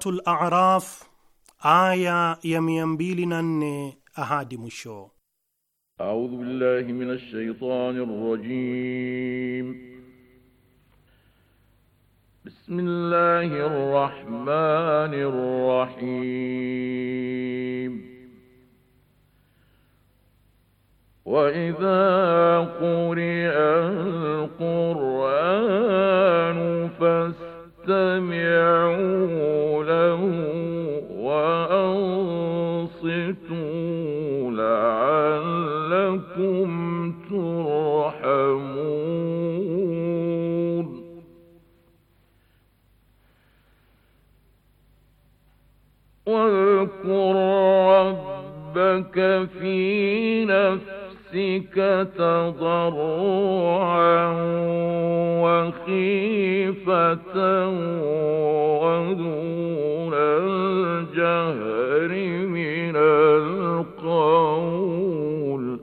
Suratul A'raf aya ya mia mbili na nne ahadi mwisho. A'udhu billahi minash shaitanir rajim. Bismillahir rahmanir فاستمعوا له وأنصتوا لعلكم ترحمون واذكر ربك في نفسك تضرعا وخيفة ودون الجهر من القول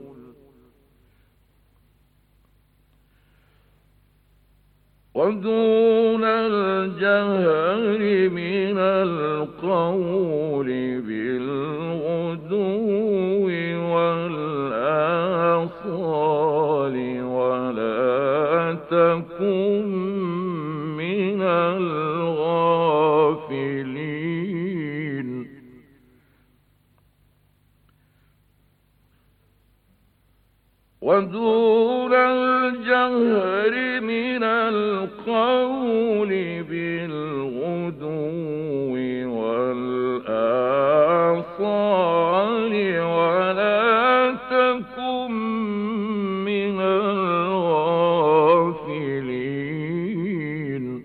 ودون الجهر من القول الأبصار ولا تكن من الغافلين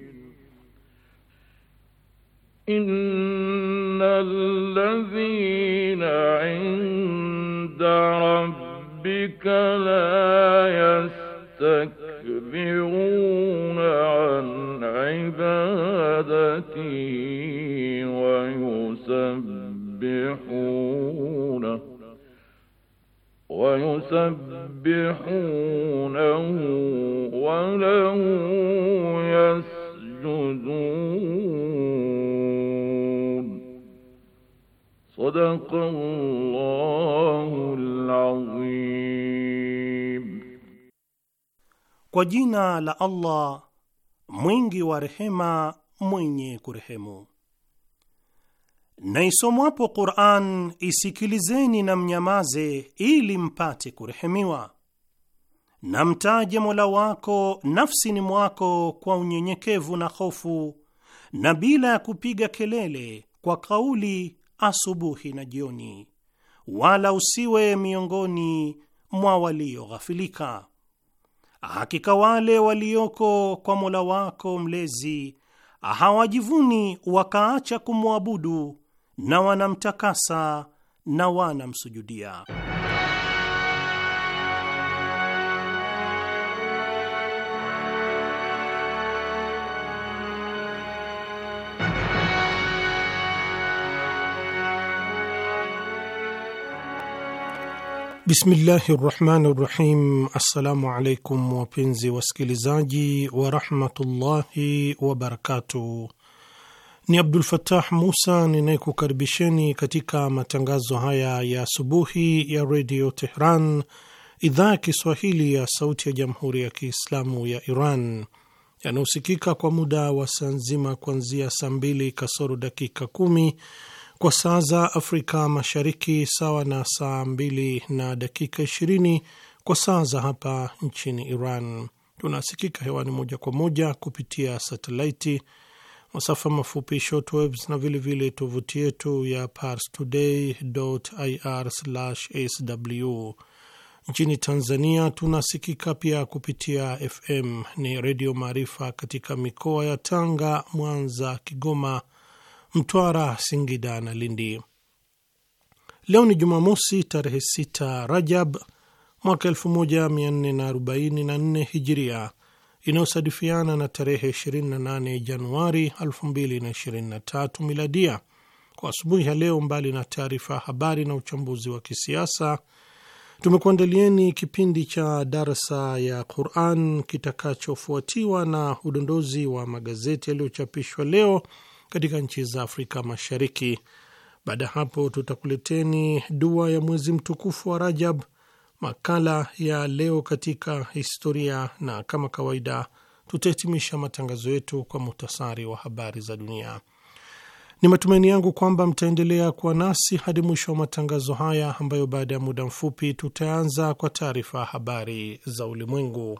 إن الذين عند ربك لا ويسبحونه وله يسجدون صدق الله العظيم Kwa jina la Allah mwingi wa rehema mwenye kurehemu. Na isomwapo Qur'an isikilizeni na mnyamaze, ili mpate kurehemiwa. Na mtaje Mola wako nafsini mwako kwa unyenyekevu na hofu, na bila ya kupiga kelele, kwa kauli asubuhi na jioni, wala usiwe miongoni mwa walioghafilika. Hakika wale walioko kwa Mola wako mlezi hawajivuni wakaacha kumwabudu na wanamtakasa na wanamsujudia. Bismillahi rahmani rahim. Assalamu alaikum wapenzi wasikilizaji warahmatullahi wabarakatuh. Ni Abdul Fatah Musa ninayekukaribisheni katika matangazo haya ya asubuhi ya redio Tehran, idhaa ya Kiswahili ya sauti ya jamhuri ya Kiislamu ya Iran, yanayosikika kwa muda wa saa nzima kuanzia saa mbili kasoro dakika kumi kwa saa za Afrika Mashariki, sawa na saa mbili na dakika ishirini kwa saa za hapa nchini Iran. Tunasikika hewani moja kwa moja kupitia satelaiti masafa mafupi shortwaves na vilevile tovuti yetu ya parstoday.ir/sw. Nchini Tanzania tunasikika pia kupitia FM ni Redio Maarifa katika mikoa ya Tanga, Mwanza, Kigoma, Mtwara, Singida na Lindi. Leo ni Jumamosi tarehe 6 Rajab mwaka 1444 Hijiria inayosadifiana na tarehe 28 Januari 2023 miladia. Kwa asubuhi ya leo, mbali na taarifa ya habari na uchambuzi wa kisiasa, tumekuandalieni kipindi cha darsa ya Quran kitakachofuatiwa na udondozi wa magazeti yaliyochapishwa leo katika nchi za Afrika Mashariki. Baada ya hapo, tutakuleteni dua ya mwezi mtukufu wa Rajab makala ya leo katika historia, na kama kawaida tutahitimisha matangazo yetu kwa muhtasari wa habari za dunia. Ni matumaini yangu kwamba mtaendelea kuwa nasi hadi mwisho wa matangazo haya, ambayo baada ya muda mfupi tutaanza kwa taarifa ya habari za ulimwengu.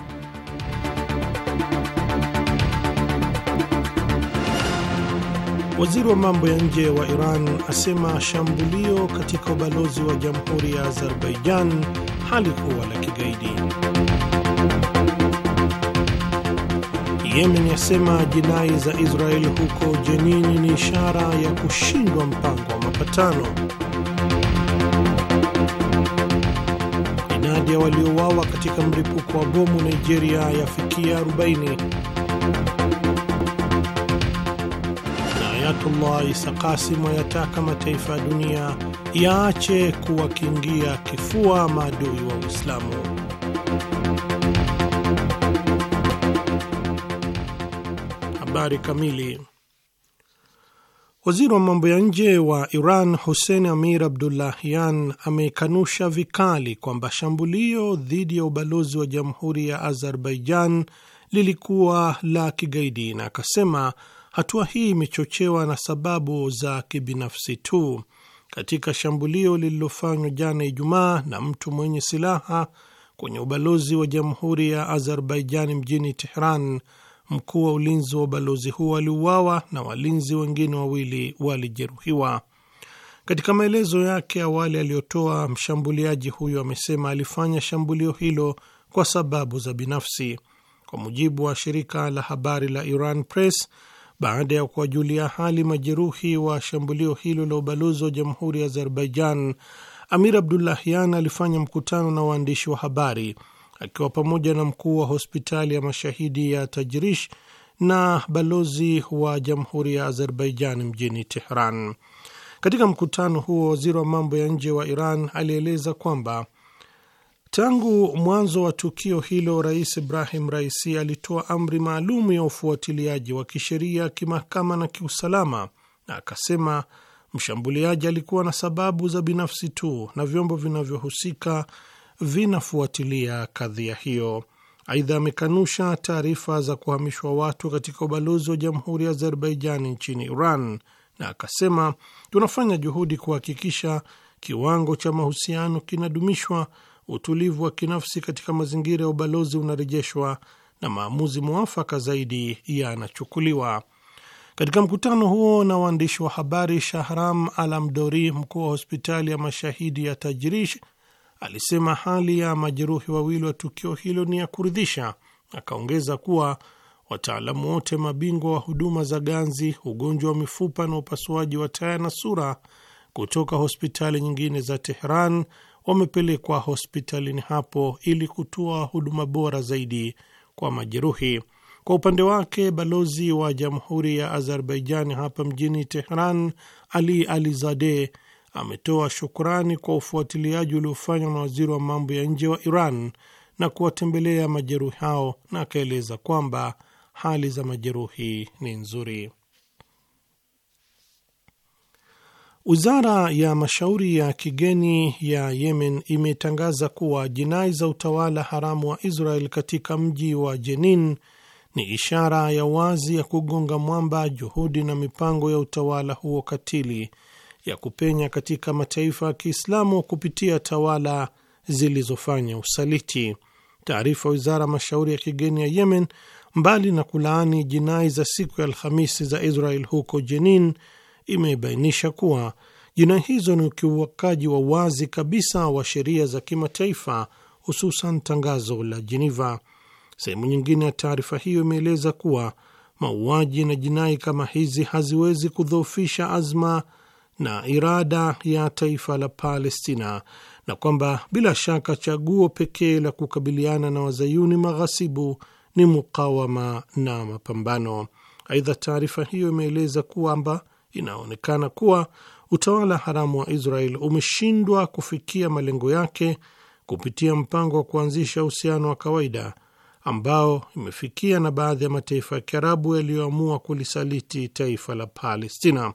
Waziri wa mambo ya nje wa Iran asema shambulio katika ubalozi wa jamhuri ya Azerbaijan halikuwa la kigaidi. Yemen yasema jinai za Israeli huko Jenini ni ishara ya kushindwa mpango wa mapatano. Idadi ya waliouawa katika mlipuko wa bomu Nigeria yafikia 40. Ayatullah Isa Kasim ayataka mataifa ya dunia yaache kuwakingia kifua maadui wa Uislamu. Habari kamili. Waziri wa mambo ya nje wa Iran Hussein Amir Abdullahian amekanusha vikali kwamba shambulio dhidi ya ubalozi wa jamhuri ya Azerbaijan lilikuwa la kigaidi na akasema Hatua hii imechochewa na sababu za kibinafsi tu. Katika shambulio lililofanywa jana Ijumaa na mtu mwenye silaha kwenye ubalozi wa jamhuri ya Azerbaijan mjini Tehran, mkuu wa ulinzi wa ubalozi huo aliuawa na walinzi wengine wawili walijeruhiwa. Katika maelezo yake awali aliyotoa, mshambuliaji huyo amesema alifanya shambulio hilo kwa sababu za binafsi. Kwa mujibu wa shirika la habari la Iran Press, baada ya kuwajulia hali majeruhi wa shambulio hilo la ubalozi wa jamhuri ya Azerbaijan, Amir Abdullahyan alifanya mkutano na waandishi wa habari akiwa pamoja na mkuu wa hospitali ya mashahidi ya Tajrish na balozi wa jamhuri ya Azerbaijan mjini Tehran. Katika mkutano huo, waziri wa mambo ya nje wa Iran alieleza kwamba Tangu mwanzo wa tukio hilo, Rais Ibrahim Raisi alitoa amri maalum ya ufuatiliaji wa kisheria, kimahakama na kiusalama, na akasema mshambuliaji alikuwa na sababu za binafsi tu na vyombo vinavyohusika vinafuatilia kadhia hiyo. Aidha, amekanusha taarifa za kuhamishwa watu katika ubalozi wa jamhuri ya Azerbaijan nchini Iran na akasema tunafanya juhudi kuhakikisha kiwango cha mahusiano kinadumishwa utulivu wa kinafsi katika mazingira ya ubalozi unarejeshwa na maamuzi mwafaka zaidi yanachukuliwa. Katika mkutano huo na waandishi wa habari, Shahram Alamdori, mkuu wa hospitali ya mashahidi ya Tajrish, alisema hali ya majeruhi wawili wa tukio hilo ni ya kuridhisha. Akaongeza kuwa wataalamu wote mabingwa wa huduma za ganzi, ugonjwa wa mifupa na upasuaji wa taya na sura kutoka hospitali nyingine za Tehran wamepelekwa hospitalini hapo ili kutoa huduma bora zaidi kwa majeruhi. Kwa upande wake balozi wa jamhuri ya Azerbaijan hapa mjini Tehran, Ali Alizade, ametoa shukrani kwa ufuatiliaji uliofanywa na waziri wa mambo ya nje wa Iran na kuwatembelea majeruhi hao, na akaeleza kwamba hali za majeruhi ni nzuri. Wizara ya mashauri ya kigeni ya Yemen imetangaza kuwa jinai za utawala haramu wa Israel katika mji wa Jenin ni ishara ya wazi ya kugonga mwamba juhudi na mipango ya utawala huo katili ya kupenya katika mataifa ya Kiislamu kupitia tawala zilizofanya usaliti. Taarifa ya wizara ya mashauri ya kigeni ya Yemen, mbali na kulaani jinai za siku ya Alhamisi za Israel huko Jenin imebainisha kuwa jinai hizo ni ukiukaji wa wazi kabisa wa sheria za kimataifa, hususan tangazo la Jeneva. Sehemu nyingine ya taarifa hiyo imeeleza kuwa mauaji na jinai kama hizi haziwezi kudhoofisha azma na irada ya taifa la Palestina na kwamba bila shaka chaguo pekee la kukabiliana na wazayuni maghasibu ni mukawama na mapambano. Aidha, taarifa hiyo imeeleza kwamba inaonekana kuwa utawala haramu wa Israel umeshindwa kufikia malengo yake kupitia mpango wa kuanzisha uhusiano wa kawaida ambao imefikia na baadhi ya mataifa ya Kiarabu yaliyoamua kulisaliti taifa la Palestina.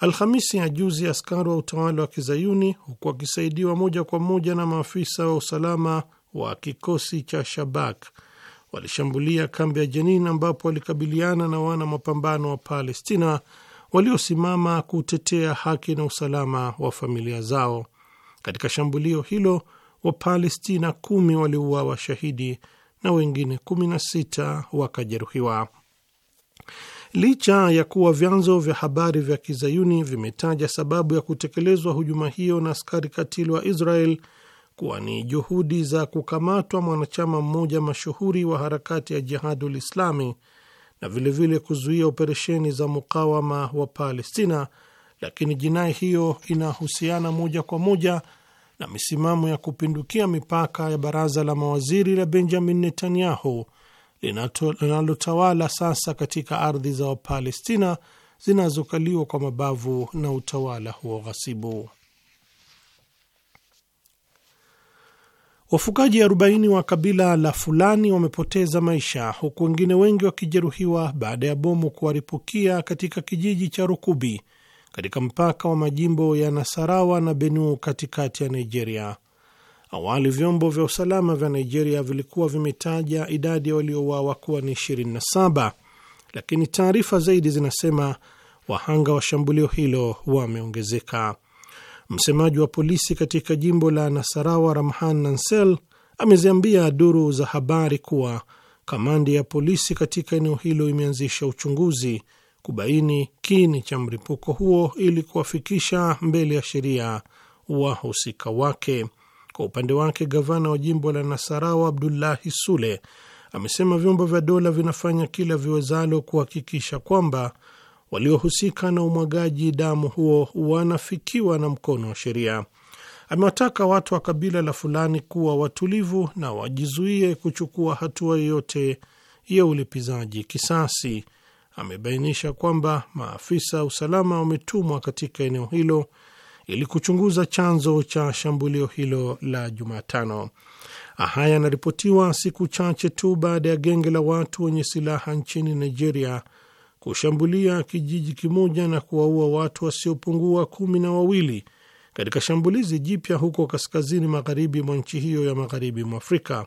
Alhamisi ya juzi, askari wa utawala wa Kizayuni, huku wakisaidiwa moja kwa moja na maafisa wa usalama wa kikosi cha Shabak, walishambulia kambi ya Jenin ambapo walikabiliana na wana mapambano wa Palestina waliosimama kutetea haki na usalama wa familia zao. Katika shambulio hilo Wapalestina kumi waliuawa shahidi na wengine 16 wakajeruhiwa. Licha ya kuwa vyanzo vya habari vya kizayuni vimetaja sababu ya kutekelezwa hujuma hiyo na askari katili wa Israel kuwa ni juhudi za kukamatwa mwanachama mmoja mashuhuri wa harakati ya Jihadul Islami na vilevile vile kuzuia operesheni za mukawama wa Palestina, lakini jinai hiyo inahusiana moja kwa moja na misimamo ya kupindukia mipaka ya baraza la mawaziri la Benjamin Netanyahu linalotawala sasa katika ardhi za Wapalestina zinazokaliwa kwa mabavu na utawala huo ghasibu. Wafugaji 40 wa kabila la Fulani wamepoteza maisha huku wengine wengi wakijeruhiwa baada ya bomu kuwaripukia katika kijiji cha Rukubi katika mpaka wa majimbo ya Nasarawa na Benue katikati ya Nigeria. Awali vyombo vya usalama vya Nigeria vilikuwa vimetaja idadi ya waliouawa kuwa ni 27, lakini taarifa zaidi zinasema wahanga wa shambulio hilo wameongezeka. Msemaji wa polisi katika jimbo la Nasarawa, Ramhan Nansel, ameziambia duru za habari kuwa kamandi ya polisi katika eneo hilo imeanzisha uchunguzi kubaini kini cha mlipuko huo ili kuwafikisha mbele ya sheria wahusika wake. Kwa upande wake, gavana wa jimbo la Nasarawa Abdullahi Sule amesema vyombo vya dola vinafanya kila viwezalo kuhakikisha kwamba waliohusika na umwagaji damu huo wanafikiwa na mkono wa sheria. Amewataka watu wa kabila la Fulani kuwa watulivu na wajizuie kuchukua hatua yoyote ya ulipizaji kisasi. Amebainisha kwamba maafisa usalama wametumwa katika eneo hilo ili kuchunguza chanzo cha shambulio hilo la Jumatano. Haya yanaripotiwa siku chache tu baada ya genge la watu wenye silaha nchini Nigeria kushambulia kijiji kimoja na kuwaua watu wasiopungua kumi na wawili katika shambulizi jipya huko kaskazini magharibi mwa nchi hiyo ya magharibi mwa Afrika.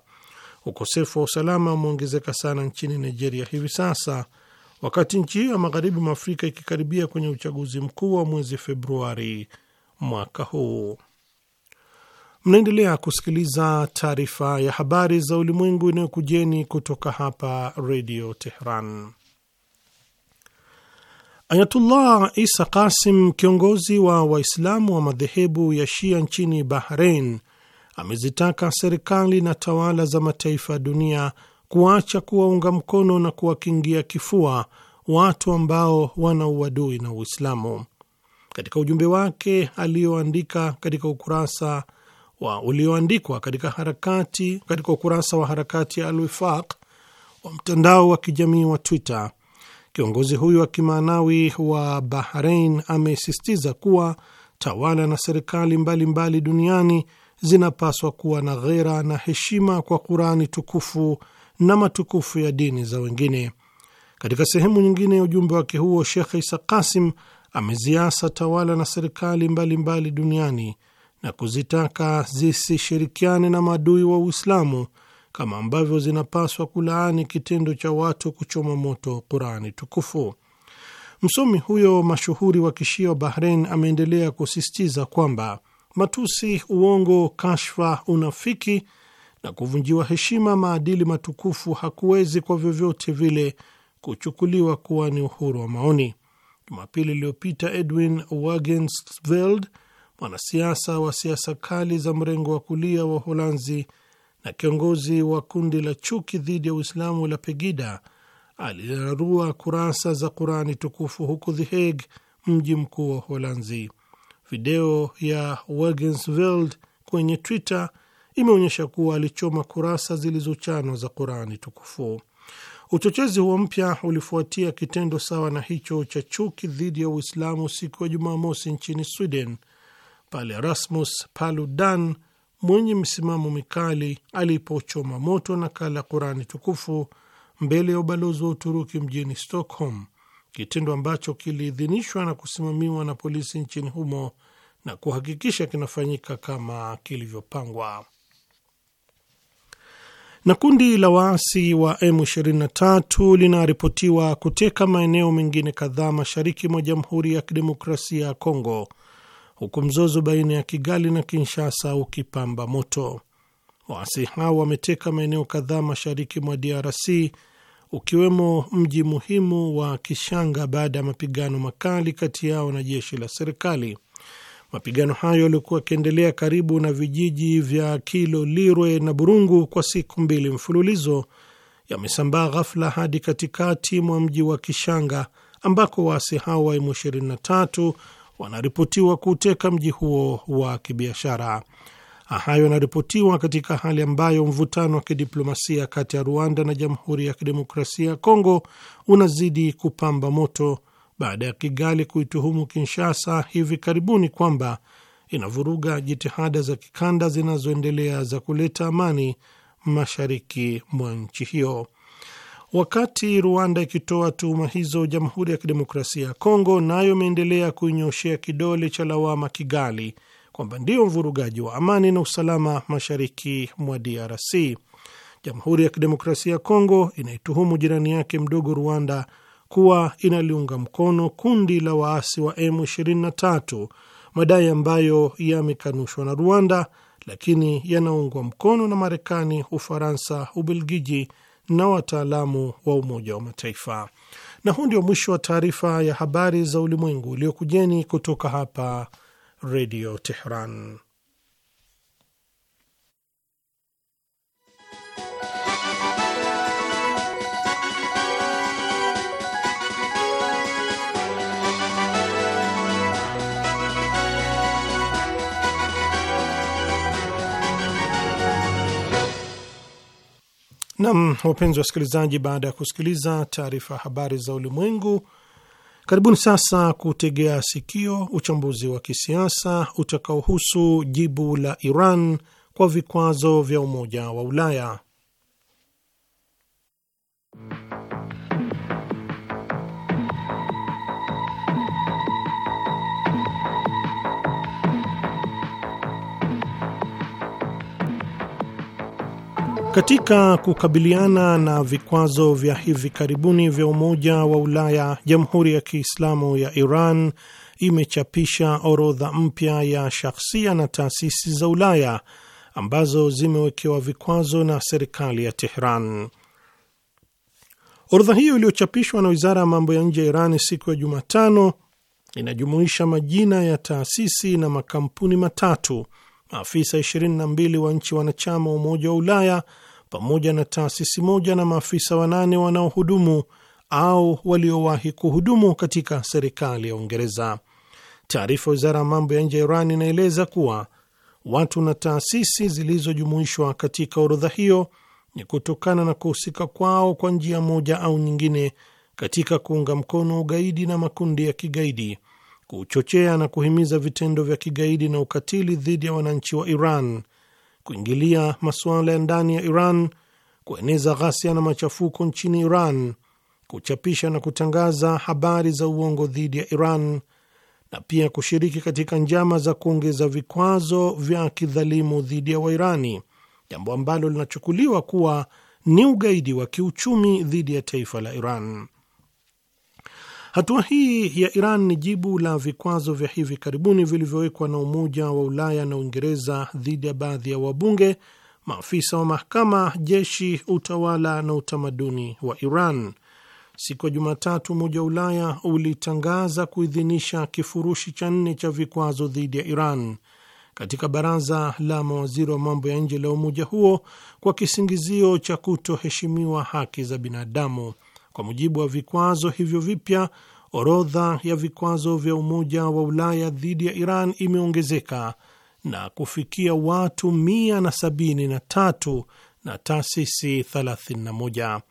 Ukosefu wa usalama umeongezeka sana nchini Nigeria hivi sasa wakati nchi hiyo ya magharibi mwa Afrika ikikaribia kwenye uchaguzi mkuu wa mwezi Februari mwaka huu. Mnaendelea kusikiliza taarifa ya habari za ulimwengu inayokujeni kutoka hapa Redio Tehran. Ayatullah Isa Qasim, kiongozi wa Waislamu wa madhehebu ya Shia nchini Bahrein, amezitaka serikali na tawala za mataifa ya dunia kuacha kuwaunga mkono na kuwakingia kifua watu ambao wana uadui na Uislamu. Katika ujumbe wake alioandika katika ukurasa wa ulioandikwa katika harakati katika ukurasa wa harakati ya Alwifaq wa mtandao wa kijamii wa Twitter, Kiongozi huyu wa kimaanawi wa Bahrain amesisitiza kuwa tawala na serikali mbalimbali mbali duniani zinapaswa kuwa na ghera na heshima kwa Kurani tukufu na matukufu ya dini za wengine. Katika sehemu nyingine ya ujumbe wake huo, Shekh Isa Kasim ameziasa tawala na serikali mbalimbali mbali duniani na kuzitaka zisishirikiane na maadui wa Uislamu kama ambavyo zinapaswa kulaani kitendo cha watu kuchoma moto Qurani tukufu. Msomi huyo mashuhuri wa kishia wa Bahrein ameendelea kusisitiza kwamba matusi, uongo, kashfa, unafiki na kuvunjiwa heshima maadili matukufu hakuwezi kwa vyovyote vile kuchukuliwa kuwa ni uhuru wa maoni. Jumapili iliyopita Edwin Wagensveld, mwanasiasa wa siasa kali za mrengo wa kulia wa Uholanzi, na kiongozi wa kundi la chuki dhidi ya Uislamu la Pegida alirarua kurasa za Qurani tukufu huko The Hague, mji mkuu wa Holanzi. Video ya Wagensveld kwenye Twitter imeonyesha kuwa alichoma kurasa zilizochanwa za Qurani tukufu. Uchochezi huo mpya ulifuatia kitendo sawa na hicho cha chuki dhidi ya Uislamu siku ya Jumamosi nchini Sweden, pale Rasmus Paludan mwenye msimamo mikali alipochoma moto nakala Qurani tukufu mbele ya ubalozi wa Uturuki mjini Stockholm, kitendo ambacho kiliidhinishwa na kusimamiwa na polisi nchini humo na kuhakikisha kinafanyika kama kilivyopangwa. Na kundi la waasi wa M23 linaripotiwa kuteka maeneo mengine kadhaa mashariki mwa Jamhuri ya Kidemokrasia ya Kongo huku mzozo baina ya Kigali na Kinshasa ukipamba moto. Waasi hao wameteka maeneo kadhaa mashariki mwa DRC ukiwemo mji muhimu wa Kishanga baada ya mapigano makali kati yao na jeshi la serikali. Mapigano hayo yalikuwa yakiendelea karibu na vijiji vya Kilo Lirwe na Burungu kwa siku mbili mfululizo, yamesambaa ghafla hadi katikati mwa mji wa Kishanga ambako waasi hao wa M23 wanaripotiwa kuuteka mji huo wa kibiashara. Hayo yanaripotiwa katika hali ambayo mvutano wa kidiplomasia kati ya Rwanda na Jamhuri ya Kidemokrasia ya Kongo unazidi kupamba moto baada ya Kigali kuituhumu Kinshasa hivi karibuni kwamba inavuruga jitihada za kikanda zinazoendelea za kuleta amani mashariki mwa nchi hiyo. Wakati Rwanda ikitoa tuhuma hizo, Jamhuri ya Kidemokrasia ya Kongo nayo imeendelea kuinyoshea kidole cha lawama Kigali kwamba ndiyo mvurugaji wa amani na usalama mashariki mwa DRC. Jamhuri ya Kidemokrasia ya Kongo inaituhumu jirani yake mdogo Rwanda kuwa inaliunga mkono kundi la waasi wa M23, madai ambayo yamekanushwa na Rwanda lakini yanaungwa mkono na Marekani, Ufaransa, Ubelgiji na wataalamu wa Umoja wa Mataifa. Na huu ndio mwisho wa taarifa ya habari za ulimwengu iliyokujeni kutoka hapa Redio Tehran. Nam, wapenzi wasikilizaji, baada ya kusikiliza taarifa ya habari za ulimwengu, karibuni sasa kutegea sikio uchambuzi wa kisiasa utakaohusu jibu la Iran kwa vikwazo vya Umoja wa Ulaya. Katika kukabiliana na vikwazo vya hivi karibuni vya Umoja wa Ulaya, Jamhuri ya Kiislamu ya Iran imechapisha orodha mpya ya shahsia na taasisi za Ulaya ambazo zimewekewa vikwazo na serikali ya Tehran. Orodha hiyo iliyochapishwa na Wizara ya Mambo ya Nje ya Iran siku ya Jumatano inajumuisha majina ya taasisi na makampuni matatu, maafisa 22 wa nchi wanachama wa Umoja wa Ulaya pamoja na taasisi moja na maafisa wanane wanaohudumu au waliowahi kuhudumu katika serikali ya Uingereza. Taarifa ya wizara ya mambo ya nje ya Iran inaeleza kuwa watu na taasisi zilizojumuishwa katika orodha hiyo ni kutokana na kuhusika kwao kwa njia moja au nyingine katika kuunga mkono ugaidi na makundi ya kigaidi, kuchochea na kuhimiza vitendo vya kigaidi na ukatili dhidi ya wananchi wa Iran kuingilia masuala ya ndani ya Iran, kueneza ghasia na machafuko nchini Iran, kuchapisha na kutangaza habari za uongo dhidi ya Iran na pia kushiriki katika njama za kuongeza vikwazo vya kidhalimu dhidi ya Wairani, jambo ambalo linachukuliwa kuwa ni ugaidi wa kiuchumi dhidi ya taifa la Iran. Hatua hii ya Iran ni jibu la vikwazo vya hivi karibuni vilivyowekwa na Umoja wa Ulaya na Uingereza dhidi ya baadhi ya wabunge, maafisa wa mahakama, jeshi, utawala na utamaduni wa Iran. Siku ya Jumatatu, Umoja wa Ulaya ulitangaza kuidhinisha kifurushi cha nne cha vikwazo dhidi ya Iran katika baraza la mawaziri wa mambo ya nje la umoja huo kwa kisingizio cha kutoheshimiwa haki za binadamu. Kwa mujibu wa vikwazo hivyo vipya, orodha ya vikwazo vya Umoja wa Ulaya dhidi ya Iran imeongezeka na kufikia watu 173 na taasisi 31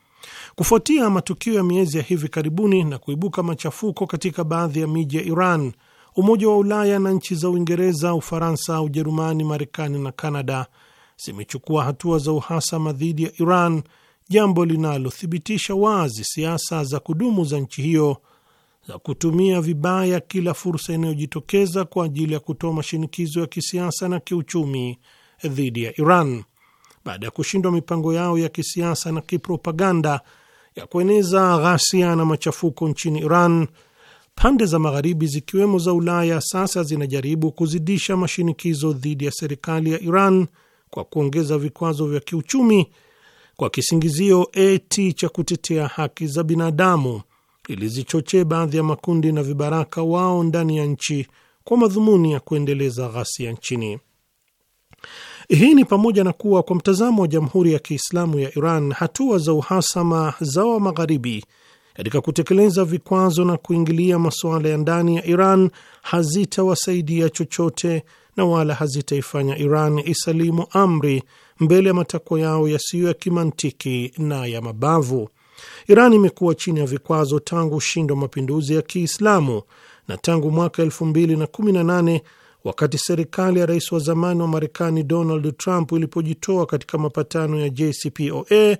kufuatia matukio ya miezi ya hivi karibuni na kuibuka machafuko katika baadhi ya miji ya Iran. Umoja wa Ulaya na nchi za Uingereza, Ufaransa, Ujerumani, Marekani na Kanada zimechukua hatua za uhasama dhidi ya Iran jambo linalothibitisha wazi siasa za kudumu za nchi hiyo za kutumia vibaya kila fursa inayojitokeza kwa ajili ya kutoa mashinikizo ya kisiasa na kiuchumi dhidi ya Iran baada ya kushindwa mipango yao ya kisiasa na kipropaganda ya kueneza ghasia na machafuko nchini Iran. Pande za magharibi zikiwemo za Ulaya sasa zinajaribu kuzidisha mashinikizo dhidi ya serikali ya Iran kwa kuongeza vikwazo vya kiuchumi kwa kisingizio eti cha kutetea haki za binadamu ilizichochee baadhi ya makundi na vibaraka wao ndani ya nchi kwa madhumuni ya kuendeleza ghasia nchini. Hii ni pamoja na kuwa kwa mtazamo wa Jamhuri ya Kiislamu ya Iran, hatua za uhasama za wa magharibi katika kutekeleza vikwazo na kuingilia masuala ya ndani ya Iran hazitawasaidia chochote na wala hazitaifanya Iran isalimu amri mbele ya matakwa yao yasiyo ya kimantiki na ya mabavu. Iran imekuwa chini ya vikwazo tangu ushindi wa mapinduzi ya Kiislamu na tangu mwaka 2018 wakati serikali ya rais wa zamani wa Marekani Donald Trump ilipojitoa katika mapatano ya JCPOA,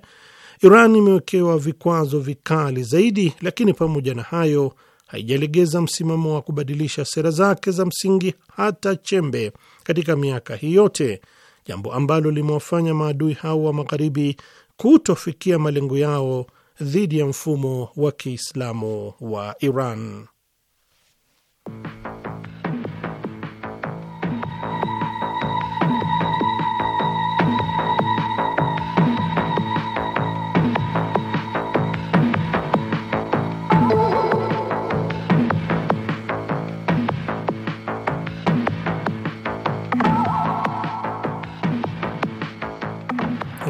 Iran imewekewa vikwazo vikali zaidi, lakini pamoja na hayo haijalegeza msimamo wa kubadilisha sera zake za msingi hata chembe katika miaka hii yote, jambo ambalo limewafanya maadui hao wa magharibi kutofikia malengo yao dhidi ya mfumo wa Kiislamu wa Iran.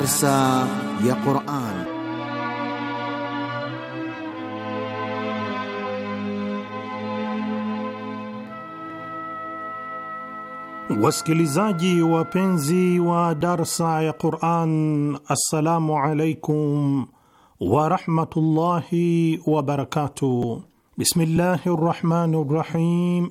Darsa ya Quran. Wasikilizaji wapenzi wa darsa ya Quran, assalamu alaikum warahmatullahi wabarakatuh. Bismillahi rahmani rahim.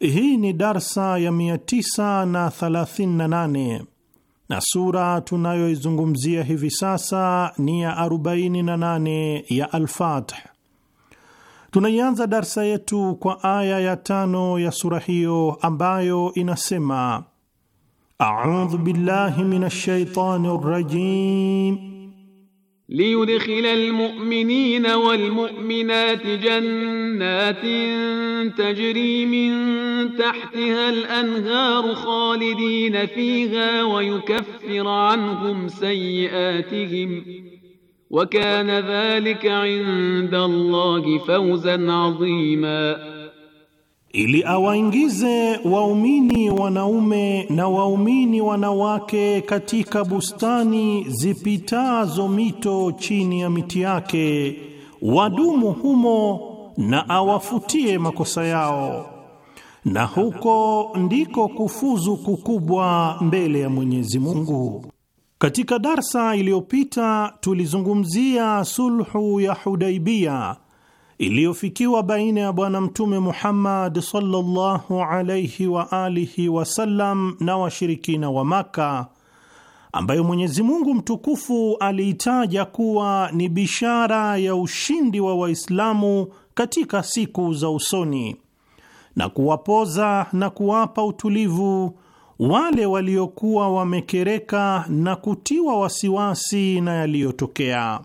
Hii ni darsa ya 938 na sura tunayoizungumzia hivi sasa ni ya 48 ya alfath Tunaianza darsa yetu kwa aya ya tano ya sura hiyo ambayo inasema, a'udhu billahi minash shaitani rajim ليدخل المؤمنين والمؤمنات جنات تجري من تحتها الانهار خالدين فيها ويكفر عنهم سيئاتهم وكان ذلك عند الله فوزا عظيما ili awaingize waumini wanaume na waumini wanawake katika bustani zipitazo mito chini ya miti yake, wadumu humo na awafutie makosa yao, na huko ndiko kufuzu kukubwa mbele ya Mwenyezi Mungu. Katika darsa iliyopita tulizungumzia sulhu ya Hudaibia iliyofikiwa baina ya Bwana Mtume Muhammad sallallahu alaihi wa alihi wasallam na washirikina wa Maka, ambayo Mwenyezi Mungu mtukufu aliitaja kuwa ni bishara ya ushindi wa Waislamu katika siku za usoni na kuwapoza na kuwapa utulivu wale waliokuwa wamekereka na kutiwa wasiwasi na yaliyotokea.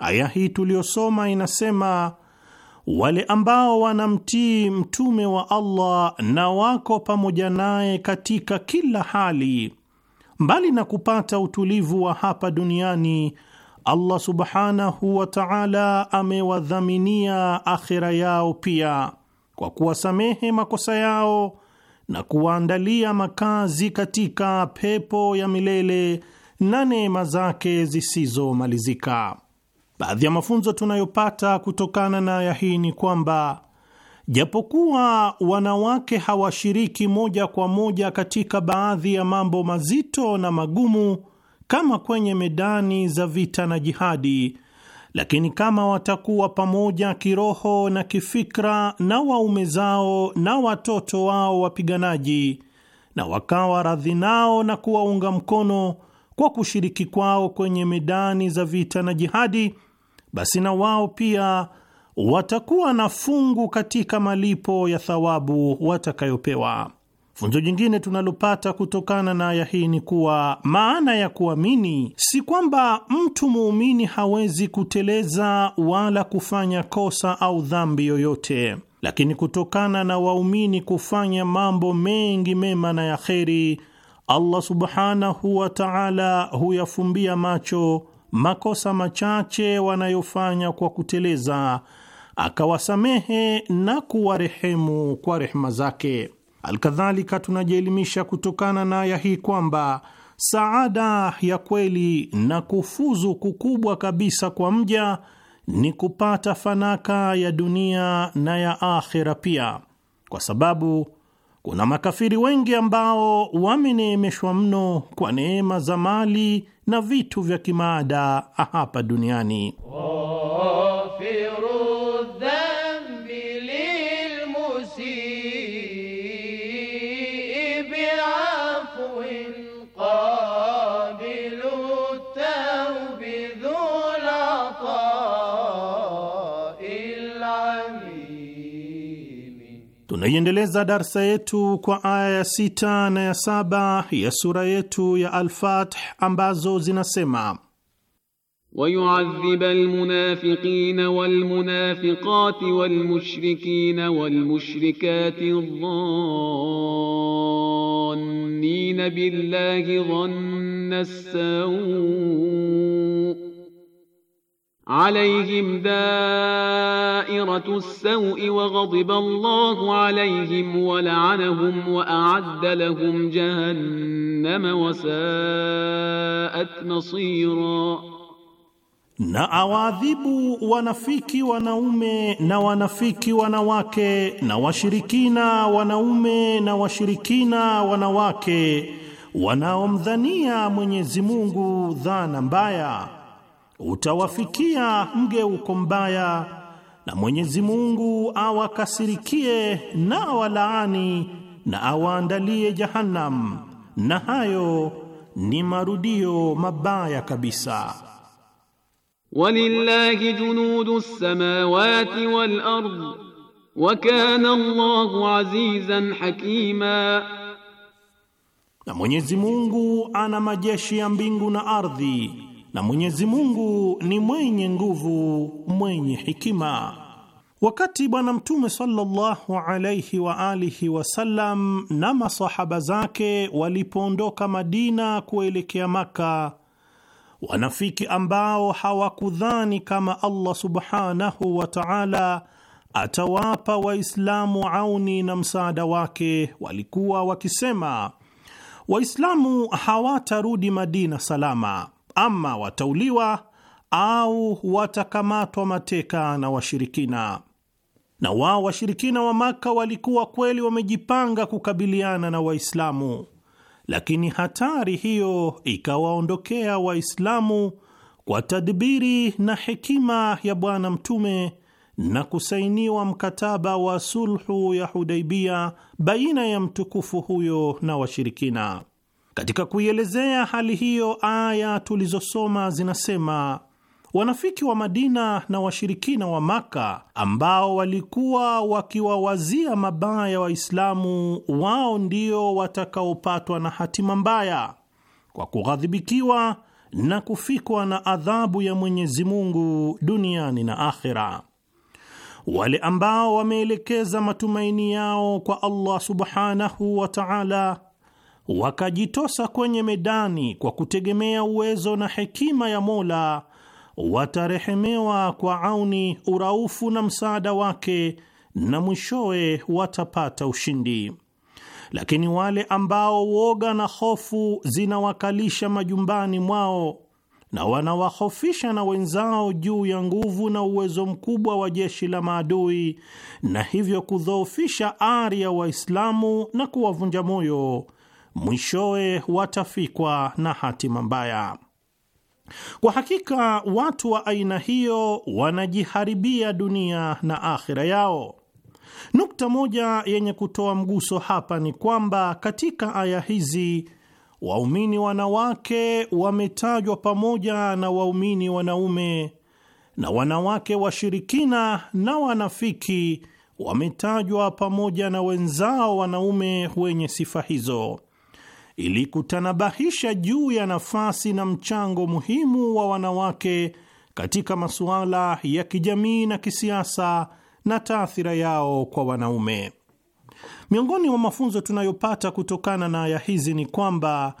Aya hii tuliyosoma inasema wale ambao wanamtii mtume wa Allah na wako pamoja naye katika kila hali, mbali na kupata utulivu wa hapa duniani, Allah subhanahu wa ta'ala amewadhaminia akhira yao pia kwa kuwasamehe makosa yao na kuwaandalia makazi katika pepo ya milele na neema zake zisizomalizika. Baadhi ya mafunzo tunayopata kutokana na aya hii ni kwamba japokuwa wanawake hawashiriki moja kwa moja katika baadhi ya mambo mazito na magumu kama kwenye medani za vita na jihadi, lakini kama watakuwa pamoja kiroho na kifikra na waume zao na watoto wao wapiganaji, na wakawa radhi nao na kuwaunga mkono kwa kushiriki kwao kwenye medani za vita na jihadi basi na wao pia watakuwa na fungu katika malipo ya thawabu watakayopewa. Funzo jingine tunalopata kutokana na aya hii ni kuwa maana ya kuamini si kwamba mtu muumini hawezi kuteleza wala kufanya kosa au dhambi yoyote, lakini kutokana na waumini kufanya mambo mengi mema na ya kheri, Allah subhanahu wa ta'ala huyafumbia macho makosa machache wanayofanya kwa kuteleza, akawasamehe na kuwarehemu kwa rehema zake. Alkadhalika, tunajielimisha kutokana na aya hii kwamba saada ya kweli na kufuzu kukubwa kabisa kwa mja ni kupata fanaka ya dunia na ya akhera pia, kwa sababu kuna makafiri wengi ambao wameneemeshwa mno kwa neema za mali na vitu vya kimaada hapa duniani oh, oh, Tunaiendeleza darsa yetu kwa aya ya sita na ya saba ya sura yetu ya al ambazo zinasema wayuadhiba almunafiqina walmunafiqati walmushrikina walmushrikati dhannina billahi dhanna as-sawu alayhim dairatu sawi wa ghadiba Allahu alayhim wa la'anahum wa a'adda lahum jahannama wa sa'at masira, na awaadhibu wanafiki wanaume na wanafiki wanawake na washirikina wanaume na washirikina wanawake wanaomdhania Mwenyezi Mungu dhana mbaya utawafikia mgeuko mbaya, na Mwenyezi Mungu awakasirikie na awalaani na awaandalie Jahannam, na hayo ni marudio mabaya kabisa. Walillahi junudu samawati wal ard wa kana Allahu azizan hakima, na Mwenyezi Mungu ana majeshi ya mbingu na ardhi na Mwenyezi Mungu ni mwenye nguvu, mwenye hikima. Wakati Bwana Mtume sallallahu alayhi wa alihi wasallam na masahaba zake walipoondoka Madina kuelekea Maka, wanafiki ambao hawakudhani kama Allah subhanahu wa ta'ala atawapa Waislamu auni na msaada wake, walikuwa wakisema Waislamu hawatarudi Madina salama ama watauliwa au watakamatwa mateka na washirikina. Na wao washirikina wa Maka walikuwa kweli wamejipanga kukabiliana na Waislamu, lakini hatari hiyo ikawaondokea Waislamu kwa tadbiri na hekima ya Bwana Mtume na kusainiwa mkataba wa sulhu ya Hudaibia baina ya mtukufu huyo na washirikina. Katika kuielezea hali hiyo, aya tulizosoma zinasema wanafiki wa Madina na washirikina wa Maka ambao walikuwa wakiwawazia mabaya Waislamu, wao ndio watakaopatwa na hatima mbaya kwa kughadhibikiwa na kufikwa na adhabu ya Mwenyezi Mungu duniani na akhera. Wale ambao wameelekeza matumaini yao kwa Allah subhanahu wa ta'ala wakajitosa kwenye medani kwa kutegemea uwezo na hekima ya Mola, watarehemewa kwa auni, uraufu na msaada wake, na mwishowe watapata ushindi. Lakini wale ambao woga na hofu zinawakalisha majumbani mwao na wanawahofisha na wenzao juu ya nguvu na uwezo mkubwa wa jeshi la maadui, na hivyo kudhoofisha ari ya Waislamu na kuwavunja moyo mwishowe watafikwa na hatima mbaya. Kwa hakika watu wa aina hiyo wanajiharibia dunia na akhira yao. Nukta moja yenye kutoa mguso hapa ni kwamba katika aya hizi waumini wanawake wametajwa pamoja na waumini wanaume na wanawake washirikina na wanafiki wametajwa pamoja na wenzao wanaume wenye sifa hizo ili kutanabahisha juu ya nafasi na mchango muhimu wa wanawake katika masuala ya kijamii na kisiasa na taathira yao kwa wanaume. Miongoni mwa mafunzo tunayopata kutokana na aya hizi ni kwamba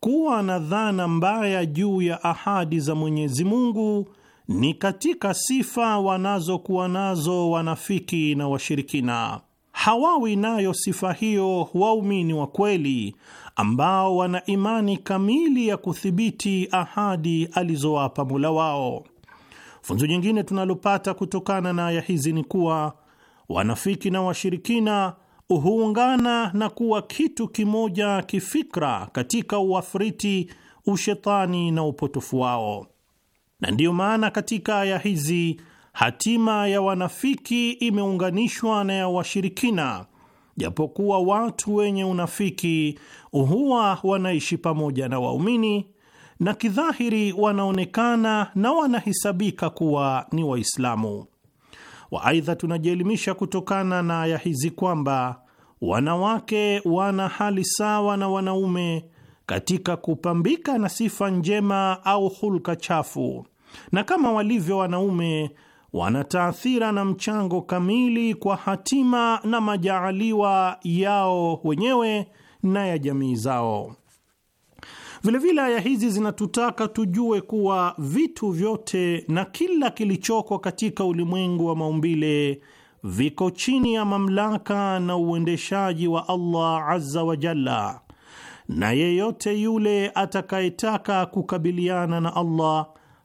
kuwa na dhana mbaya juu ya ahadi za Mwenyezi Mungu ni katika sifa wanazokuwa nazo wanafiki na washirikina. Hawawi nayo sifa hiyo waumini wa kweli ambao wana imani kamili ya kuthibiti ahadi alizowapa mula wao. Funzo jingine tunalopata kutokana na aya hizi ni kuwa wanafiki na washirikina huungana na kuwa kitu kimoja kifikra katika uafriti, ushetani na upotofu wao, na ndiyo maana katika aya hizi hatima ya wanafiki imeunganishwa na ya washirikina japokuwa watu wenye unafiki huwa wanaishi pamoja na waumini na kidhahiri wanaonekana na wanahisabika kuwa ni Waislamu. Waaidha, tunajielimisha kutokana na aya hizi kwamba wanawake wana hali sawa na wanaume katika kupambika na sifa njema au hulka chafu, na kama walivyo wanaume wanataathira na mchango kamili kwa hatima na majaaliwa yao wenyewe na ya jamii zao. Vilevile aya hizi zinatutaka tujue kuwa vitu vyote na kila kilichoko katika ulimwengu wa maumbile viko chini ya mamlaka na uendeshaji wa Allah azza wa jalla, na yeyote yule atakayetaka kukabiliana na Allah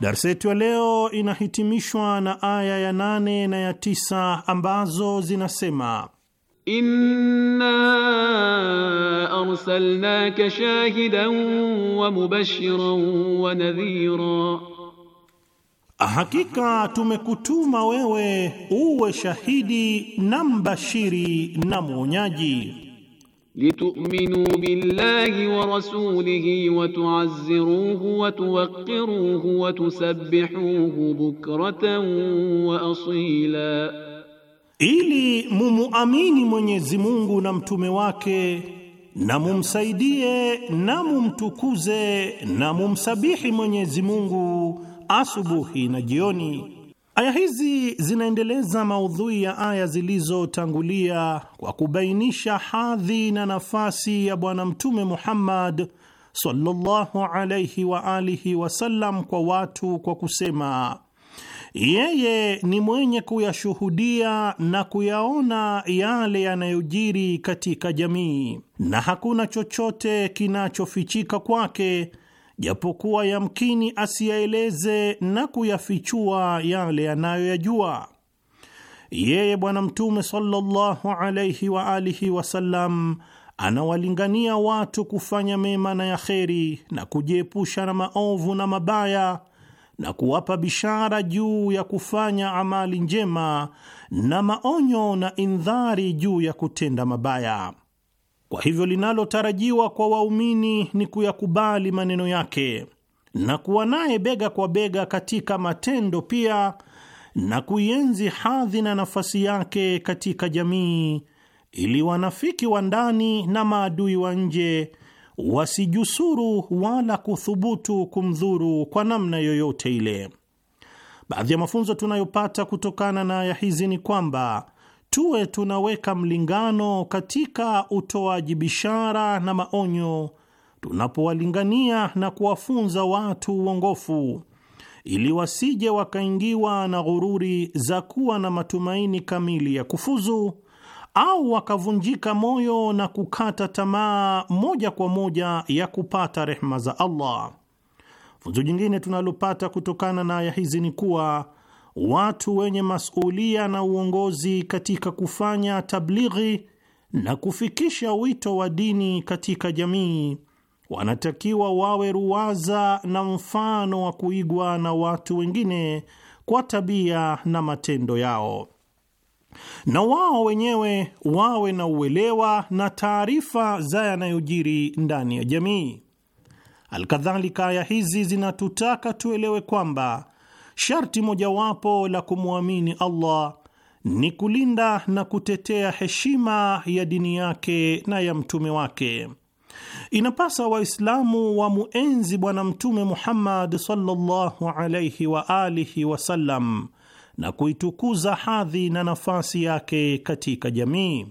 Darsa yetu ya leo inahitimishwa na aya ya nane na ya tisa ambazo zinasema Inna arsalnaka shahidan wa mubashiran wa nadhira, hakika tumekutuma wewe uwe shahidi na mbashiri na mwonyaji litu'minuu billahi wa rasulihi wa tu'azziruhu wa tuwaqqiruhu wa tusabbihuhu bukratan wa asila, ili mumuamini Mwenyezi Mungu na mtume wake na mumsaidie na mumtukuze na mumsabihi Mwenyezi Mungu asubuhi na jioni. Aya hizi zinaendeleza maudhui ya aya zilizotangulia kwa kubainisha hadhi na nafasi ya Bwana Mtume Muhammad sallallahu alayhi wa alihi wasallam kwa watu kwa kusema yeye ni mwenye kuyashuhudia na kuyaona yale yanayojiri katika jamii na hakuna chochote kinachofichika kwake japokuwa yamkini asiyaeleze na kuyafichua yale anayoyajua yeye. Bwana Mtume sallallahu alaihi wa alihi wasallam anawalingania watu kufanya mema na ya kheri na kujiepusha na maovu na mabaya na kuwapa bishara juu ya kufanya amali njema na maonyo na indhari juu ya kutenda mabaya. Kwa hivyo linalotarajiwa kwa waumini ni kuyakubali maneno yake na kuwa naye bega kwa bega katika matendo pia, na kuienzi hadhi na nafasi yake katika jamii, ili wanafiki wa ndani na maadui wa nje wasijusuru wala kuthubutu kumdhuru kwa namna yoyote ile. Baadhi ya mafunzo tunayopata kutokana na aya hizi ni kwamba tuwe tunaweka mlingano katika utoaji bishara na maonyo tunapowalingania na kuwafunza watu uongofu, ili wasije wakaingiwa na ghururi za kuwa na matumaini kamili ya kufuzu au wakavunjika moyo na kukata tamaa moja kwa moja ya kupata rehma za Allah. Funzo jingine tunalopata kutokana na aya hizi ni kuwa watu wenye masulia na uongozi katika kufanya tablighi na kufikisha wito wa dini katika jamii wanatakiwa wawe ruwaza na mfano wa kuigwa na watu wengine kwa tabia na matendo yao, na wao wenyewe wawe na uelewa na taarifa za yanayojiri ndani ya jamii. Alkadhalika, aya hizi zinatutaka tuelewe kwamba Sharti mojawapo la kumwamini Allah ni kulinda na kutetea heshima ya dini yake na ya mtume wake. Inapasa Waislamu wamuenzi Bwana Mtume Muhammad sallallahu alaihi wa alihi wasallam na kuitukuza hadhi na nafasi yake katika jamii.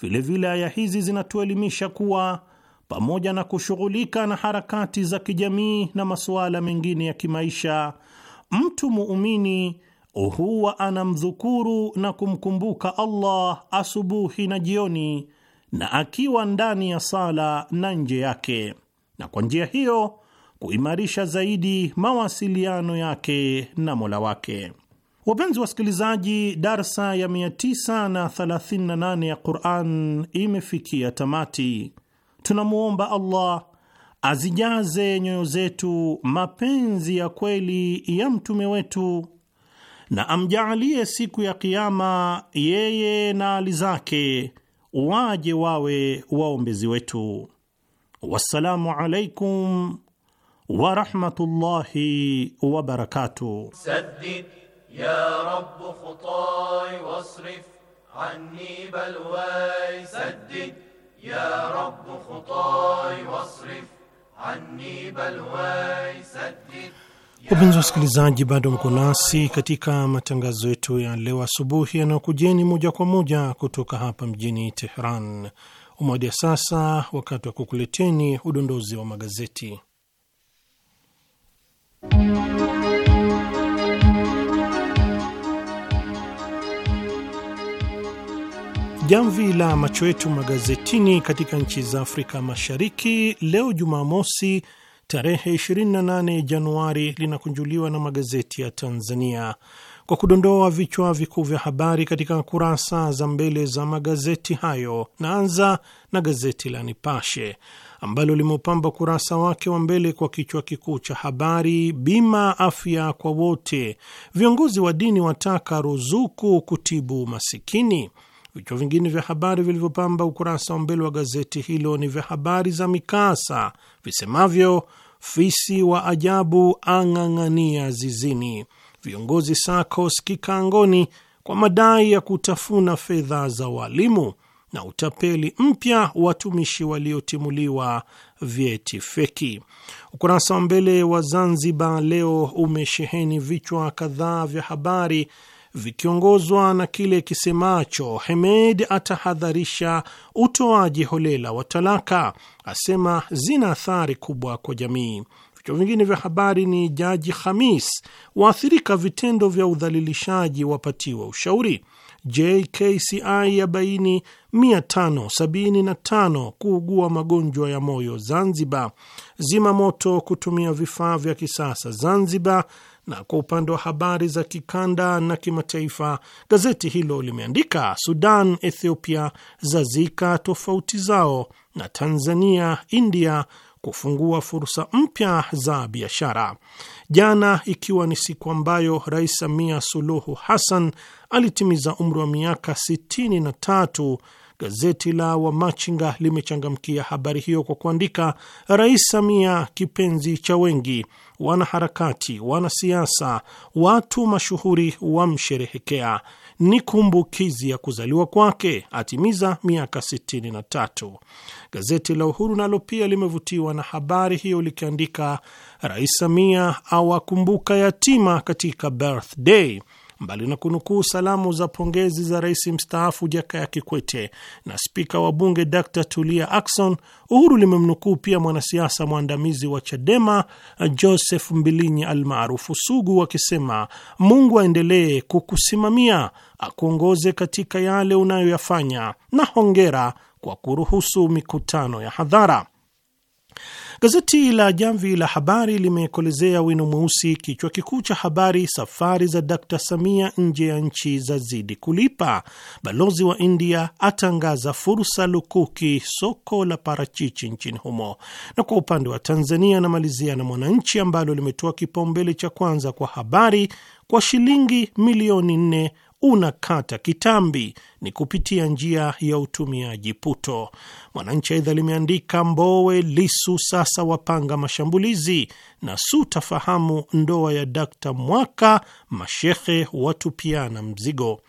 Vilevile aya hizi zinatuelimisha kuwa pamoja na kushughulika na harakati za kijamii na masuala mengine ya kimaisha mtu muumini huwa anamdhukuru na kumkumbuka Allah asubuhi na jioni, na akiwa ndani ya sala na nje yake, na kwa njia hiyo kuimarisha zaidi mawasiliano yake na Mola wake. Wapenzi wasikilizaji, darsa ya 938 ya Qur'an imefikia tamati. Tunamwomba Allah azijaze nyoyo zetu mapenzi ya kweli ya mtume wetu na amjaalie siku ya Kiama yeye na ali zake waje wawe waombezi wetu. Wassalamu alaikum warahmatullahi wabarakatuh. Saddid ya Rabb khutai wasrif anni balwai. Saddid ya Rabb khutai wasrif Wapenzi wasikilizaji, bado mko nasi katika matangazo yetu ya leo asubuhi yanayokujeni moja kwa moja kutoka hapa mjini Teheran. Umewadia sasa wakati wa kukuleteni udondozi wa magazeti Jamvi la macho yetu magazetini katika nchi za Afrika Mashariki leo Jumamosi tarehe 28 Januari linakunjuliwa na magazeti ya Tanzania kwa kudondoa vichwa vikuu vya habari katika kurasa za mbele za magazeti hayo. Naanza na gazeti la Nipashe ambalo limeupamba kurasa wake wa mbele kwa kichwa kikuu cha habari, bima afya kwa wote, viongozi wa dini wataka ruzuku kutibu masikini. Vichwa vingine vya habari vilivyopamba ukurasa wa mbele wa gazeti hilo ni vya habari za mikasa visemavyo, fisi wa ajabu ang'ang'ania zizini, viongozi SACCOS kikangoni kwa madai ya kutafuna fedha za walimu, na utapeli mpya watumishi waliotimuliwa vyeti feki. Ukurasa wa mbele wa Zanzibar Leo umesheheni vichwa kadhaa vya habari vikiongozwa na kile kisemacho Hemed atahadharisha utoaji holela wa talaka, asema zina athari kubwa kwa jamii. Vichwa vingine vya habari ni Jaji Khamis, waathirika vitendo vya udhalilishaji wapatiwa ushauri. JKCI yabaini 575 kuugua magonjwa ya moyo Zanzibar. Zima moto kutumia vifaa vya kisasa Zanzibar. Na kwa upande wa habari za kikanda na kimataifa, gazeti hilo limeandika Sudan, Ethiopia zazika tofauti zao na Tanzania, India kufungua fursa mpya za biashara. Jana ikiwa ni siku ambayo Rais Samia Suluhu Hassan alitimiza umri wa miaka tatu Gazeti la Wamachinga limechangamkia habari hiyo kwa kuandika, Rais Samia kipenzi cha wengi, wanaharakati, wanasiasa, watu mashuhuri wamsherehekea, ni kumbukizi ya kuzaliwa kwake, atimiza miaka 63. Gazeti la Uhuru nalo pia limevutiwa na habari hiyo likiandika, Rais Samia awakumbuka yatima katika birthday Mbali na kunukuu salamu za pongezi za rais mstaafu Jakaya Kikwete na spika wa bunge d Tulia Akson, Uhuru limemnukuu pia mwanasiasa mwandamizi wa CHADEMA Joseph Mbilinyi almaarufu Sugu akisema, Mungu aendelee kukusimamia, akuongoze katika yale unayoyafanya, na hongera kwa kuruhusu mikutano ya hadhara. Gazeti la Jamvi la Habari limekolezea wino mweusi kichwa kikuu cha habari, safari za Dkt Samia nje ya nchi za zidi kulipa, balozi wa India atangaza fursa lukuki soko la parachichi nchini humo. Na kwa upande wa Tanzania anamalizia na Mwananchi ambalo limetoa kipaumbele cha kwanza kwa habari kwa shilingi milioni nne unakata kitambi ni kupitia njia ya utumiaji puto. Mwananchi aidha limeandika Mbowe Lisu sasa wapanga mashambulizi na sutafahamu ndoa ya Dakta Mwaka, mashehe watupiana mzigo.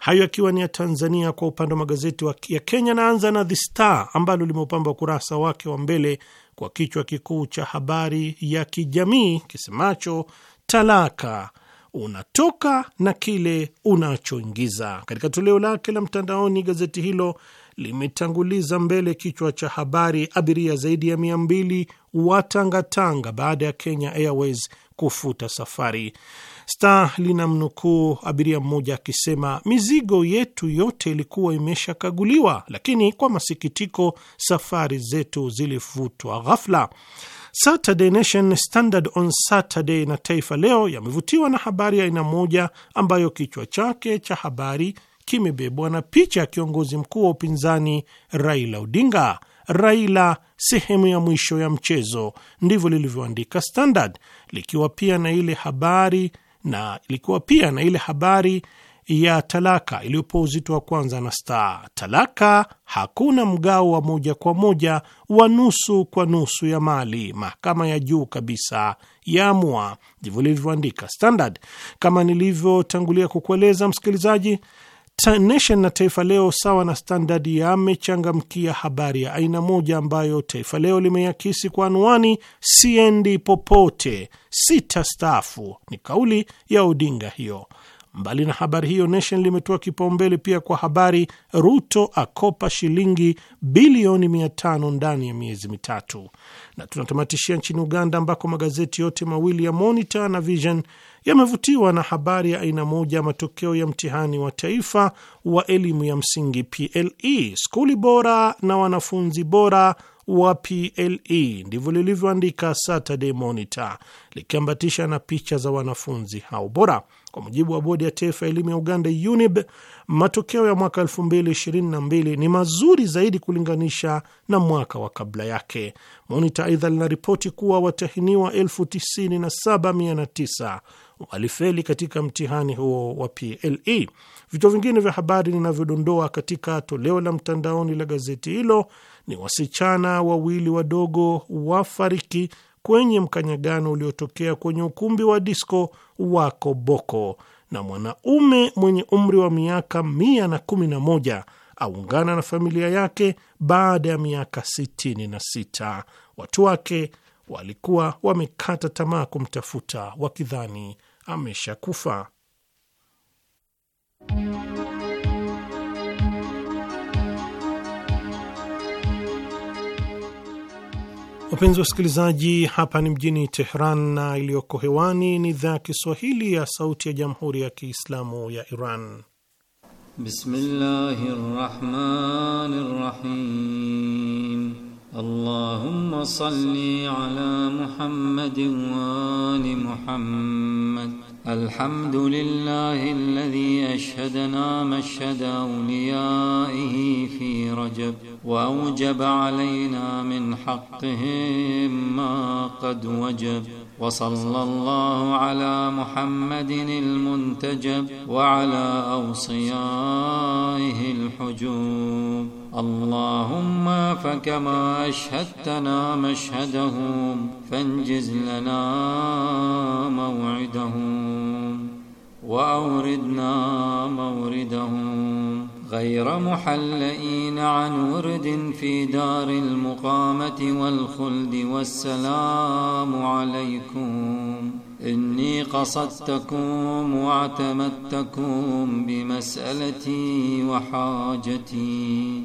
Hayo akiwa ni ya Tanzania. Kwa upande wa magazeti ya Kenya, naanza na The Star ambalo limeupamba ukurasa wake wa mbele kwa kichwa kikuu cha habari ya kijamii kisemacho talaka unatoka na kile unachoingiza. Katika toleo lake la mtandaoni, gazeti hilo limetanguliza mbele kichwa cha habari, abiria zaidi ya mia mbili watangatanga baada ya Kenya Airways kufuta safari. Star lina mnukuu abiria mmoja akisema, mizigo yetu yote ilikuwa imeshakaguliwa, lakini kwa masikitiko safari zetu zilifutwa ghafla. Saturday Nation, Standard on Saturday na Taifa Leo yamevutiwa na habari ya aina moja ambayo kichwa chake cha habari kimebebwa na picha ya kiongozi mkuu wa upinzani Raila Odinga. Raila sehemu ya mwisho ya mchezo, ndivyo lilivyoandika Standard, likiwa pia na ile habari na ilikuwa pia na ile habari ya talaka iliyopo uzito wa kwanza na staa. Talaka hakuna mgao wa moja kwa moja wa nusu kwa nusu ya mali. Mahakama ya juu kabisa yaamua, ndivyo lilivyoandika Standard. Kama nilivyotangulia kukueleza msikilizaji, Nation na Taifa Leo sawa na Standard yamechangamkia habari ya aina moja ambayo Taifa Leo limeakisi kwa anwani siendi popote, sitastaafu. Ni kauli ya Odinga hiyo. Mbali na habari hiyo, Nation limetoa kipaumbele pia kwa habari Ruto akopa shilingi bilioni mia tano ndani ya miezi mitatu. Na tunatamatishia nchini Uganda, ambako magazeti yote mawili ya Monitor na Vision yamevutiwa na habari ya aina moja, matokeo ya mtihani wa taifa wa elimu ya msingi PLE, skuli bora na wanafunzi bora wa PLE, ndivyo lilivyoandika Saturday Monitor, likiambatisha na picha za wanafunzi hao bora. Kwa mujibu wa bodi ya taifa ya elimu ya Uganda, UNIB, matokeo ya mwaka 2022 ni mazuri zaidi kulinganisha na mwaka wa kabla yake. Monita aidha linaripoti kuwa watahiniwa 979 walifeli katika mtihani huo wa PLE. Vituo vingine vya habari ninavyodondoa katika toleo la mtandaoni la gazeti hilo ni wasichana wawili wadogo wafariki kwenye mkanyagano uliotokea kwenye ukumbi wa disko wa Koboko, na mwanaume mwenye umri wa miaka mia na kumi na moja aungana na familia yake baada ya miaka sitini na sita. Watu wake walikuwa wamekata tamaa kumtafuta wakidhani ameshakufa. Wapenzi wasikilizaji, hapa ni mjini Tehran na iliyoko hewani ni idhaa ya Kiswahili ya Sauti ya Jamhuri ya Kiislamu ya Iran. Bismillahi rahmani rahim. Allahumma salli ala Muhammadin wa ali Muhammad. Alhamdulillahi alladhi ashhadana mashhada awliyaihi fi Rajab وأوجب علينا من حقهم ما قد وجب وصلى الله على محمد المنتجب وعلى أوصيائه الحجوب اللهم فكما أشهدتنا مشهدهم فانجز لنا موعدهم وأوردنا موردهم غير محلئين عن ورد في دار المقامة والخلد والسلام عليكم إني قصدتكم واعتمدتكم بمسألتي وحاجتي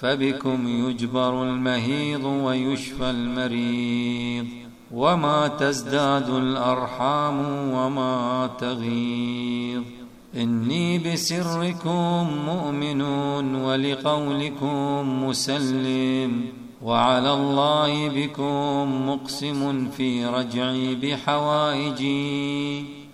فبكم يجبر المهيض ويشفى المريض وما تزداد الأرحام وما تغيظ إني بسركم مؤمن ولقولكم مسلم وعلى الله بكم مقسم في رجعي بحوائجي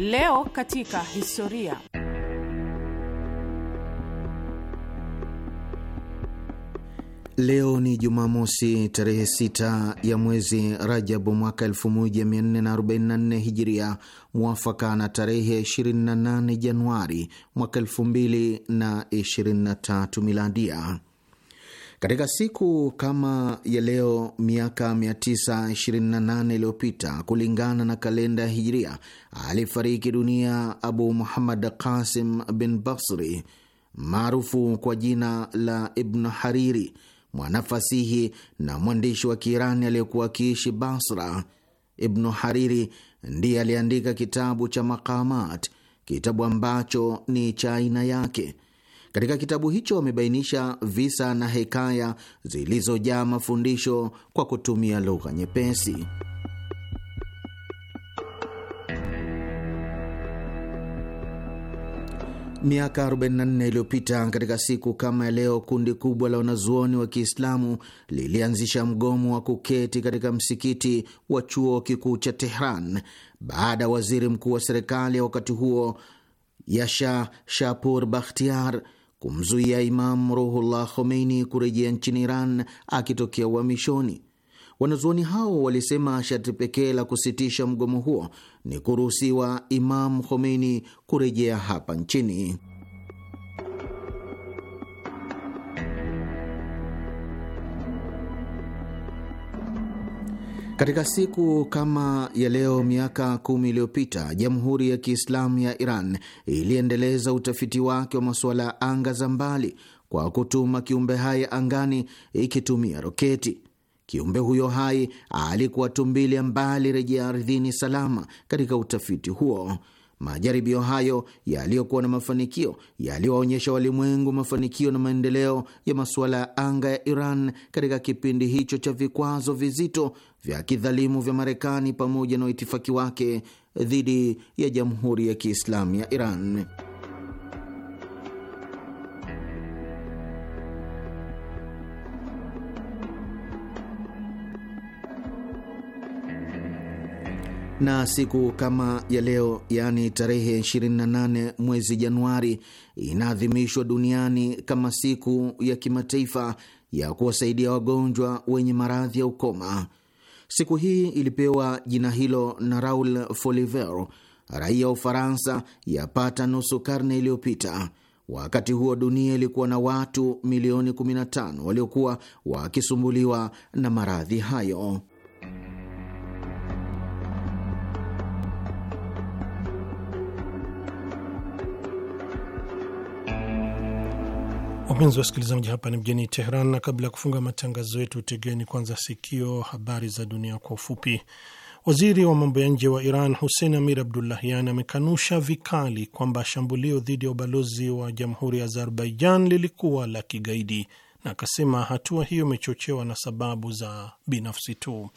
Leo katika historia. Leo ni Jumamosi, tarehe 6 ya mwezi Rajabu mwaka 1444 Hijiria, mwafaka na tarehe 28 Januari mwaka 2023 Miladia. Katika siku kama ya leo miaka 928 iliyopita kulingana na kalenda ya Hijiria, alifariki dunia Abu Muhammad Qasim bin Basri maarufu kwa jina la Ibnu Hariri, mwanafasihi na mwandishi wa Kiirani aliyekuwa akiishi Basra. Ibnu Hariri ndiye aliandika kitabu cha Maqamat, kitabu ambacho ni cha aina yake. Katika kitabu hicho wamebainisha visa na hekaya zilizojaa mafundisho kwa kutumia lugha nyepesi. Miaka 44 iliyopita katika siku kama ya leo, kundi kubwa la wanazuoni wa Kiislamu lilianzisha mgomo wa kuketi katika msikiti wa chuo kikuu cha Tehran baada ya waziri mkuu wa serikali ya wakati huo Yasha Shapur Bakhtiar kumzuia Imam Ruhullah Khomeini kurejea nchini Iran akitokea uhamishoni. Wanazuoni hao walisema sharti pekee la kusitisha mgomo huo ni kuruhusiwa Imam Khomeini kurejea hapa nchini. Katika siku kama ya leo miaka kumi iliyopita Jamhuri ya Kiislamu ya Iran iliendeleza utafiti wake wa masuala ya anga za mbali kwa kutuma kiumbe hai angani ikitumia roketi. Kiumbe huyo hai alikuwa tumbili ambali rejea ardhini salama. Katika utafiti huo Majaribio hayo yaliyokuwa na mafanikio yaliwaonyesha walimwengu mafanikio na maendeleo ya masuala ya anga ya Iran katika kipindi hicho cha vikwazo vizito vya kidhalimu vya Marekani pamoja na no uitifaki wake dhidi ya Jamhuri ya Kiislamu ya Iran. na siku kama ya leo yaani tarehe 28 mwezi Januari inaadhimishwa duniani kama siku ya kimataifa ya kuwasaidia wagonjwa wenye maradhi ya ukoma. Siku hii ilipewa jina hilo na Raul Foliver, raia wa Ufaransa, yapata nusu karne iliyopita. Wakati huo dunia ilikuwa na watu milioni 15 waliokuwa wakisumbuliwa na maradhi hayo. Wapenzi wasikilizaji, hapa ni mjini Teheran, na kabla ya kufunga matangazo yetu, tegeni kwanza sikio habari za dunia kwa ufupi. Waziri wa mambo ya nje wa Iran Hussein Amir Abdullahian amekanusha vikali kwamba shambulio dhidi ya ubalozi wa jamhuri ya Azerbaijan lilikuwa la kigaidi na akasema hatua hiyo imechochewa na sababu za binafsi tu.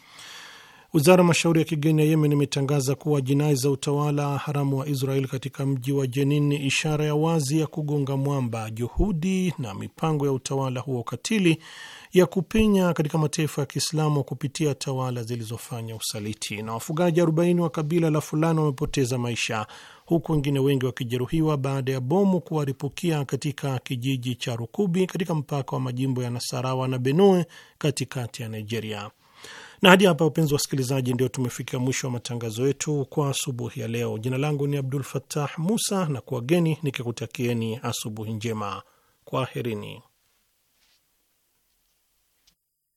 Wizara mashauri ya kigeni ya Yemen imetangaza kuwa jinai za utawala haramu wa Israel katika mji wa Jenin ni ishara ya wazi ya kugonga mwamba juhudi na mipango ya utawala huo katili ya kupenya katika mataifa ya Kiislamu kupitia tawala zilizofanya usaliti. Na wafugaji 40 wa kabila la Fulani wamepoteza maisha huku wengine wengi wakijeruhiwa baada ya bomu kuwaripukia katika kijiji cha Rukubi katika mpaka wa majimbo ya Nasarawa na Benue katikati ya Nigeria. Na hadi hapa, upenzi wa wasikilizaji, ndio tumefika mwisho wa matangazo yetu kwa asubuhi ya leo. Jina langu ni Abdul Fattah Musa na kuwageni nikikutakieni asubuhi njema. Kwaherini.